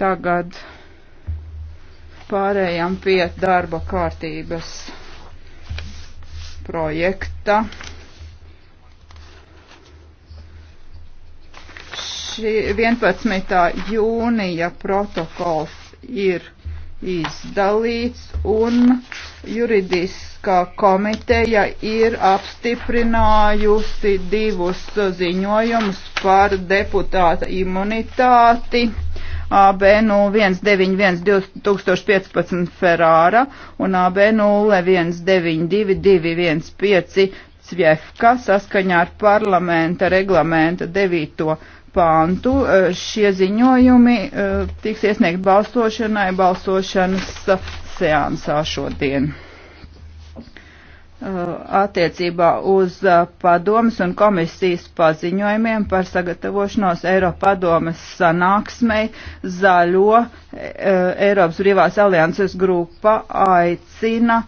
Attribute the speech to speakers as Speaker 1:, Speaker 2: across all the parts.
Speaker 1: Tagad pārējām pie darba kārtības projekta. Šī 11. jūnija protokols ir izdalīts un juridiskā komiteja ir apstiprinājusi divus ziņojumus par deputāta imunitāti. AB0191-2015 nu, Ferrara un AB0192-215 nu, Cvjefka saskaņā ar parlamenta reglamenta 9. pāntu. E, šie ziņojumi e, tiks iesniegt balsošanai balsošanas seansā šodien. Uh, attiecībā uz uh, padomas un komisijas paziņojumiem par sagatavošanos Eiropadomas sanāksmei zaļo uh, Eiropas brīvās alianses grupa aicina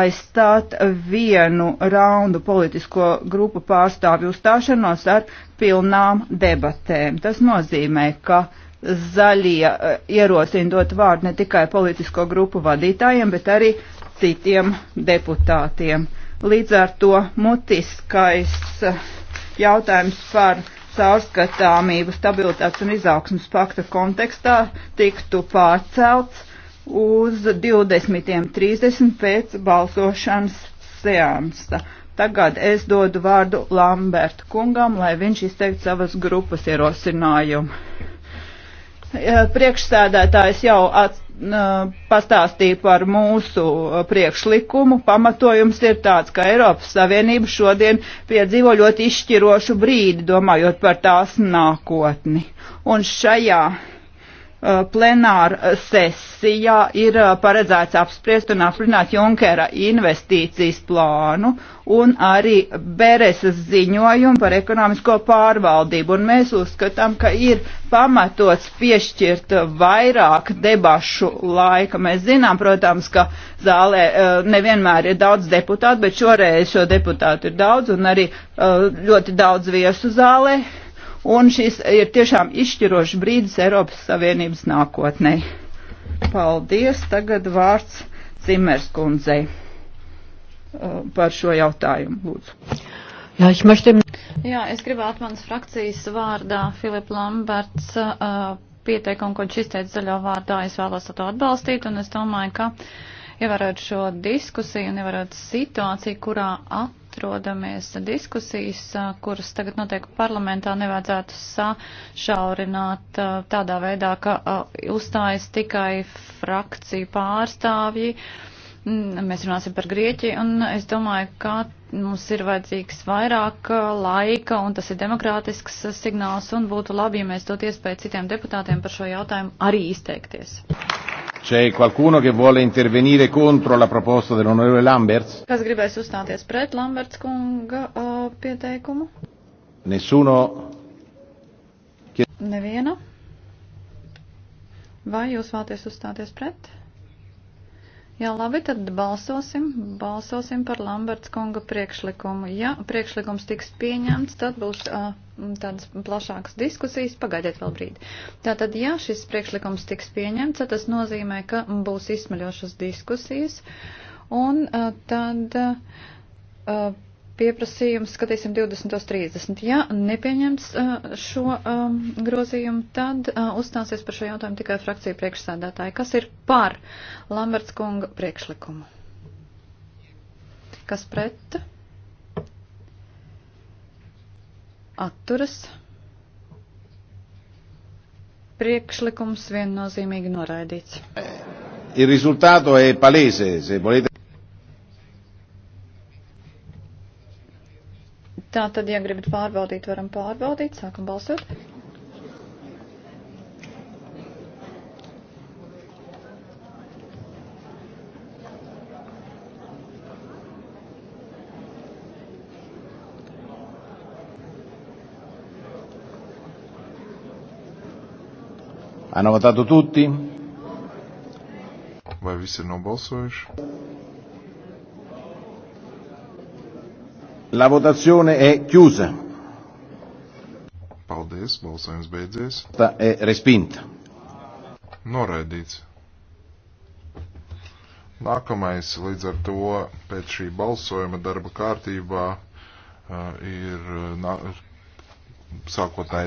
Speaker 1: aizstāt vienu raundu politisko grupu pārstāvju uzstāšanos ar pilnām debatēm. Tas nozīmē, ka zaļie ierosina dot vārdu ne tikai politisko grupu vadītājiem, bet arī uh, citiem deputātiem. Līdz ar to mutiskais eh, jautājums par caurskatāmību stabilitātes un izaugsmas pakta kontekstā tiktu pārcelts uz 20.30 pēc balsošanas seansa. Tagad es dodu vārdu Lamberta kungam, lai viņš izteikt savas grupas ierosinājumu. Eh, priekšsēdētājs jau atstājās pastāstīja par mūsu priekšlikumu. Pamatojums ir tāds, ka Eiropas Savienība šodien piedzīvo ļoti izšķirošu brīdi, domājot par tās nākotni. Un šajā Eh, plenāra sesijā ir eh, paredzēts apspriest un aprināt Junkera investīcijas plānu un arī Bereses ziņojumu par ekonomisko pārvaldību. Un mēs uzskatām, ka ir pamatots piešķirt vairāk debašu laika. Mēs zinām, protams, ka zālē eh, nevienmēr ir daudz deputātu, bet šoreiz šo deputātu ir daudz un arī ļoti daudz viesu zālē un šis ir tiešām izšķirošs brīdis Eiropas Savienības nākotnē. Paldies, tagad vārds Cimers kundzei uh, par šo jautājumu,
Speaker 2: lūdzu. Jā, es möchte... Jā, es gribētu manas frakcijas vārdā Filip Lamberts uh, pieteikumu, ko viņš izteica zaļo vārdā, es vēlos to atbalstīt, un es domāju, ka ievarot šo diskusiju un ievarot situāciju, kurā at atrodamies diskusijas, kuras tagad notiek parlamentā, nevajadzētu sašaurināt tādā veidā, ka uzstājas tikai frakciju pārstāvji. Mēs runāsim par Grieķiju, un es domāju, ka mums ir vajadzīgs vairāk laika, un tas ir demokrātisks signāls, un būtu labi, ja mēs dot iespēju citiem deputātiem par šo jautājumu arī izteikties. C'è qualcuno che vuole intervenire contro la proposta dell'onorevole Lamberts? Kas gribēs uzstāties pret Lamberts kunga uh, pieteikumu? Nessuno. Neviena. Vai jūs vēlaties uzstāties pret? Jā, labi, tad balsosim. Balsosim par Lamberts kunga priekšlikumu. Ja priekšlikums tiks pieņemts, tad būs uh, tādas plašākas diskusijas. Pagaidiet vēl brīdi. Tātad, ja šis priekšlikums tiks pieņemts, tad tas nozīmē, ka būs izsmeļošas diskusijas. Un uh, tad. Uh, pieprasījums, skatīsim 20.30. Ja nepieņems uh, šo um, grozījumu, tad uh, uzstāsies par šo jautājumu tikai frakcija priekšsēdētāji. Kas ir par Lamberts kunga priekšlikumu? Kas pret? Atturas. Priekšlikums viennozīmīgi noraidīts.
Speaker 1: Il risultato
Speaker 2: è palese, se volete Tā tad, ja gribat pārbaudīt, varam pārbaudīt. Sākam balsot. Hanno votato tutti? Vai visi ir nobalsojuši? La votazione è chiusa. Paldies, balsojums beidzies. Tā ir respinta. Noraidīts. Nākamais līdz ar to pēc šī balsojuma darba kārtībā uh, ir uh, sākotnēji.